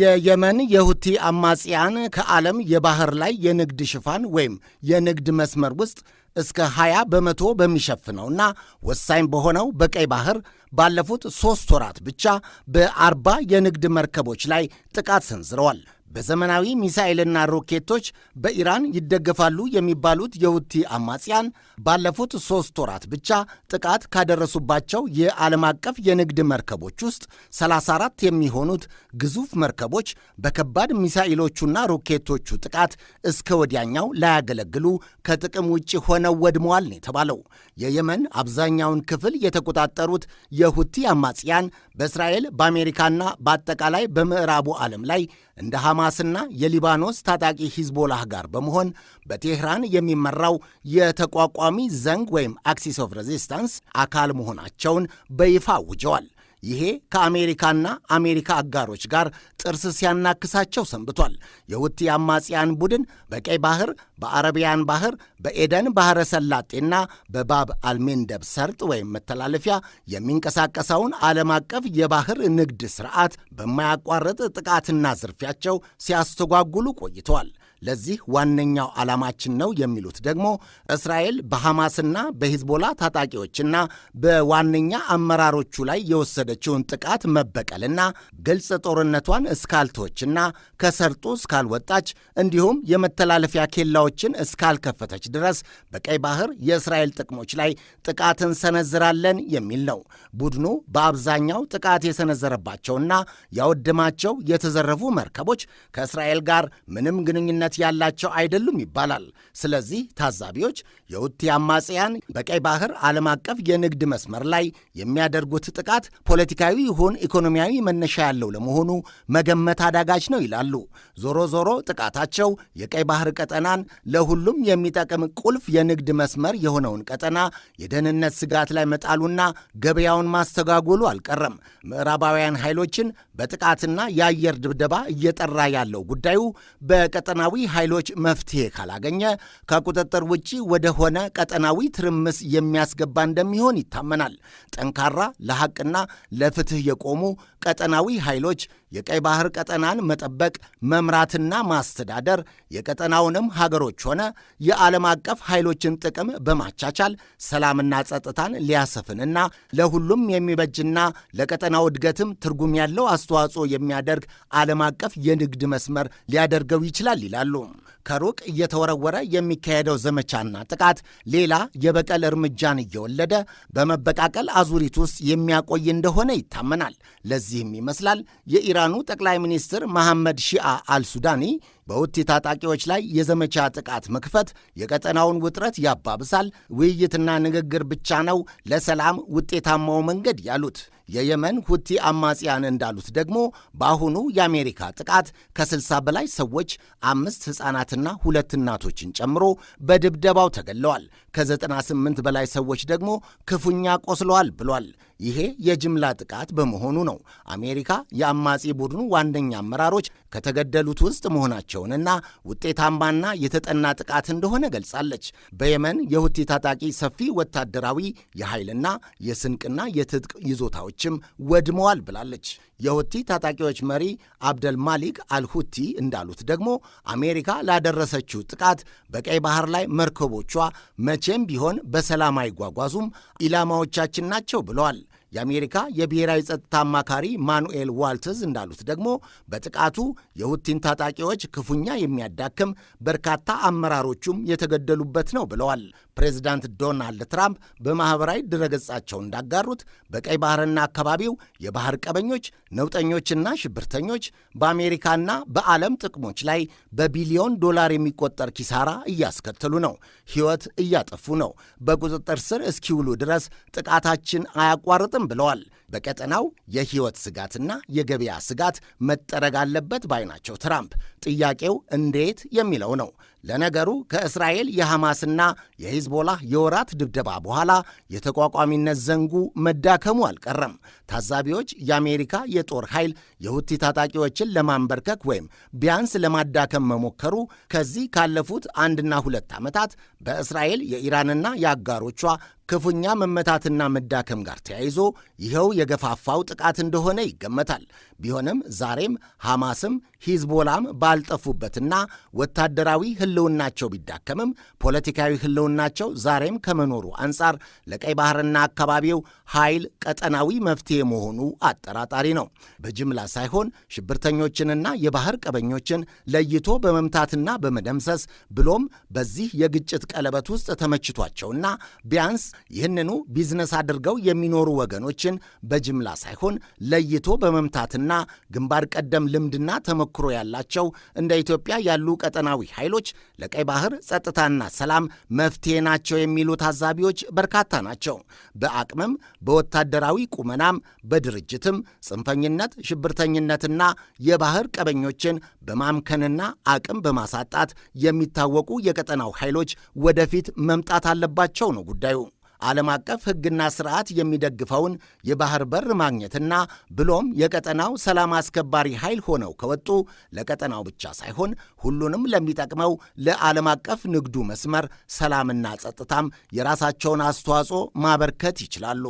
የየመን የሁቲ አማጽያን ከዓለም የባህር ላይ የንግድ ሽፋን ወይም የንግድ መስመር ውስጥ እስከ 20 በመቶ በሚሸፍነው ወሳኝ በሆነው በቀይ ባህር ባለፉት ሦስት ወራት ብቻ በአርባ የንግድ መርከቦች ላይ ጥቃት ሰንዝረዋል። በዘመናዊ ሚሳኤልና ሮኬቶች በኢራን ይደገፋሉ የሚባሉት የሁቲ አማጽያን ባለፉት ሦስት ወራት ብቻ ጥቃት ካደረሱባቸው የዓለም አቀፍ የንግድ መርከቦች ውስጥ 34 የሚሆኑት ግዙፍ መርከቦች በከባድ ሚሳኤሎቹና ሮኬቶቹ ጥቃት እስከ ወዲያኛው ላያገለግሉ ከጥቅም ውጭ ሆነው ወድመዋል ነው የተባለው። የየመን አብዛኛውን ክፍል የተቆጣጠሩት የሁቲ አማጽያን በእስራኤል በአሜሪካና በአጠቃላይ በምዕራቡ ዓለም ላይ እንደ ከሐማስና የሊባኖስ ታጣቂ ሂዝቦላህ ጋር በመሆን በቴህራን የሚመራው የተቋቋሚ ዘንግ ወይም አክሲስ ኦፍ ሬዚስታንስ አካል መሆናቸውን በይፋ አውጀዋል። ይሄ ከአሜሪካና አሜሪካ አጋሮች ጋር ጥርስ ሲያናክሳቸው ሰንብቷል። የሁቲ አማጽያን ቡድን በቀይ ባህር፣ በአረቢያን ባህር፣ በኤደን ባህረ ሰላጤና በባብ አልሜንደብ ሰርጥ ወይም መተላለፊያ የሚንቀሳቀሰውን ዓለም አቀፍ የባህር ንግድ ስርዓት በማያቋርጥ ጥቃትና ዝርፊያቸው ሲያስተጓጉሉ ቆይተዋል። ለዚህ ዋነኛው ዓላማችን ነው የሚሉት ደግሞ እስራኤል በሐማስና በሂዝቦላ ታጣቂዎችና በዋነኛ አመራሮቹ ላይ የወሰደችውን ጥቃት መበቀልና ግልጽ ጦርነቷን እስካልቶችና ከሰርጡ እስካልወጣች እንዲሁም የመተላለፊያ ኬላዎችን እስካልከፈተች ድረስ በቀይ ባህር የእስራኤል ጥቅሞች ላይ ጥቃት እንሰነዝራለን የሚል ነው። ቡድኑ በአብዛኛው ጥቃት የሰነዘረባቸውና ያወደማቸው የተዘረፉ መርከቦች ከእስራኤል ጋር ምንም ግንኙነት እውቀት ያላቸው አይደሉም ይባላል። ስለዚህ ታዛቢዎች የሁቲ አማጽያን በቀይ ባህር ዓለም አቀፍ የንግድ መስመር ላይ የሚያደርጉት ጥቃት ፖለቲካዊ ይሁን ኢኮኖሚያዊ መነሻ ያለው ለመሆኑ መገመት አዳጋች ነው ይላሉ። ዞሮ ዞሮ ጥቃታቸው የቀይ ባህር ቀጠናን ለሁሉም የሚጠቅም ቁልፍ የንግድ መስመር የሆነውን ቀጠና የደህንነት ስጋት ላይ መጣሉና ገበያውን ማስተጋጎሉ አልቀረም። ምዕራባውያን ኃይሎችን በጥቃትና የአየር ድብደባ እየጠራ ያለው ጉዳዩ በቀጠናዊ ኃይሎች መፍትሄ ካላገኘ ከቁጥጥር ውጪ ወደሆነ ቀጠናዊ ትርምስ የሚያስገባ እንደሚሆን ይታመናል። ጠንካራ ለሐቅና ለፍትህ የቆሙ ቀጠናዊ ኃይሎች የቀይ ባህር ቀጠናን መጠበቅ፣ መምራትና ማስተዳደር የቀጠናውንም ሀገሮች ሆነ የዓለም አቀፍ ኃይሎችን ጥቅም በማቻቻል ሰላምና ጸጥታን ሊያሰፍንና ለሁሉም የሚበጅና ለቀጠናው እድገትም ትርጉም ያለው አስተዋጽኦ የሚያደርግ ዓለም አቀፍ የንግድ መስመር ሊያደርገው ይችላል ይላሉ። ከሩቅ እየተወረወረ የሚካሄደው ዘመቻና ጥቃት ሌላ የበቀል እርምጃን እየወለደ በመበቃቀል አዙሪት ውስጥ የሚያቆይ እንደሆነ ይታመናል። ለዚህም ይመስላል የኢራኑ ጠቅላይ ሚኒስትር መሐመድ ሺአ አልሱዳኒ በሁቲ ታጣቂዎች ላይ የዘመቻ ጥቃት መክፈት የቀጠናውን ውጥረት ያባብሳል፣ ውይይትና ንግግር ብቻ ነው ለሰላም ውጤታማው መንገድ ያሉት የየመን ሁቲ አማጽያን እንዳሉት ደግሞ በአሁኑ የአሜሪካ ጥቃት ከ60 በላይ ሰዎች አምስት ሕፃናትና ሁለት እናቶችን ጨምሮ በድብደባው ተገለዋል። ከ98 በላይ ሰዎች ደግሞ ክፉኛ ቆስለዋል ብሏል። ይሄ የጅምላ ጥቃት በመሆኑ ነው አሜሪካ የአማጺ ቡድኑ ዋነኛ አመራሮች ከተገደሉት ውስጥ መሆናቸው መሆናቸውንና ውጤታማና የተጠና ጥቃት እንደሆነ ገልጻለች። በየመን የሁቲ ታጣቂ ሰፊ ወታደራዊ የኃይልና የስንቅና የትጥቅ ይዞታዎችም ወድመዋል ብላለች። የሁቲ ታጣቂዎች መሪ አብደል ማሊክ አልሁቲ እንዳሉት ደግሞ አሜሪካ ላደረሰችው ጥቃት በቀይ ባህር ላይ መርከቦቿ መቼም ቢሆን በሰላም አይጓጓዙም፣ ኢላማዎቻችን ናቸው ብለዋል። የአሜሪካ የብሔራዊ ጸጥታ አማካሪ ማኑኤል ዋልትዝ እንዳሉት ደግሞ በጥቃቱ የሁቲን ታጣቂዎች ክፉኛ የሚያዳክም በርካታ አመራሮቹም የተገደሉበት ነው ብለዋል። ፕሬዚዳንት ዶናልድ ትራምፕ በማኅበራዊ ድረገጻቸው እንዳጋሩት በቀይ ባህርና አካባቢው የባህር ቀበኞች፣ ነውጠኞችና ሽብርተኞች በአሜሪካና በዓለም ጥቅሞች ላይ በቢሊዮን ዶላር የሚቆጠር ኪሳራ እያስከተሉ ነው፣ ሕይወት እያጠፉ ነው። በቁጥጥር ስር እስኪውሉ ድረስ ጥቃታችን አያቋርጥም ብለዋል። በቀጠናው የህይወት ስጋትና የገበያ ስጋት መጠረግ አለበት ባይ ናቸው ትራምፕ። ጥያቄው እንዴት የሚለው ነው። ለነገሩ ከእስራኤል የሐማስና የሂዝቦላ የወራት ድብደባ በኋላ የተቋቋሚነት ዘንጉ መዳከሙ አልቀረም። ታዛቢዎች የአሜሪካ የጦር ኃይል የሁቲ ታጣቂዎችን ለማንበርከክ ወይም ቢያንስ ለማዳከም መሞከሩ ከዚህ ካለፉት አንድና ሁለት ዓመታት በእስራኤል የኢራንና የአጋሮቿ ክፉኛ መመታትና መዳከም ጋር ተያይዞ ይኸው የገፋፋው ጥቃት እንደሆነ ይገመታል። ቢሆንም ዛሬም ሐማስም ሂዝቦላም ባልጠፉበትና ወታደራዊ ህልውናቸው ቢዳከምም ፖለቲካዊ ህልውናቸው ዛሬም ከመኖሩ አንጻር ለቀይ ባህርና አካባቢው ኃይል ቀጠናዊ መፍትሄ መሆኑ አጠራጣሪ ነው። በጅምላ ሳይሆን ሽብርተኞችንና የባህር ቀበኞችን ለይቶ በመምታትና በመደምሰስ ብሎም በዚህ የግጭት ቀለበት ውስጥ ተመችቷቸውና ቢያንስ ይህንኑ ቢዝነስ አድርገው የሚኖሩ ወገኖችን በጅምላ ሳይሆን ለይቶ በመምታትና ግንባር ቀደም ልምድና ተመክሮ ያላቸው እንደ ኢትዮጵያ ያሉ ቀጠናዊ ኃይሎች ለቀይ ባህር ጸጥታና ሰላም መፍትሄ ናቸው የሚሉ ታዛቢዎች በርካታ ናቸው። በአቅምም በወታደራዊ ቁመናም በድርጅትም ጽንፈኝነት፣ ሽብርተኝነትና የባህር ቀበኞችን በማምከንና አቅም በማሳጣት የሚታወቁ የቀጠናው ኃይሎች ወደፊት መምጣት አለባቸው ነው ጉዳዩ። ዓለም አቀፍ ሕግና ስርዓት የሚደግፈውን የባህር በር ማግኘትና ብሎም የቀጠናው ሰላም አስከባሪ ኃይል ሆነው ከወጡ ለቀጠናው ብቻ ሳይሆን ሁሉንም ለሚጠቅመው ለዓለም አቀፍ ንግዱ መስመር ሰላምና ጸጥታም የራሳቸውን አስተዋጽኦ ማበርከት ይችላሉ።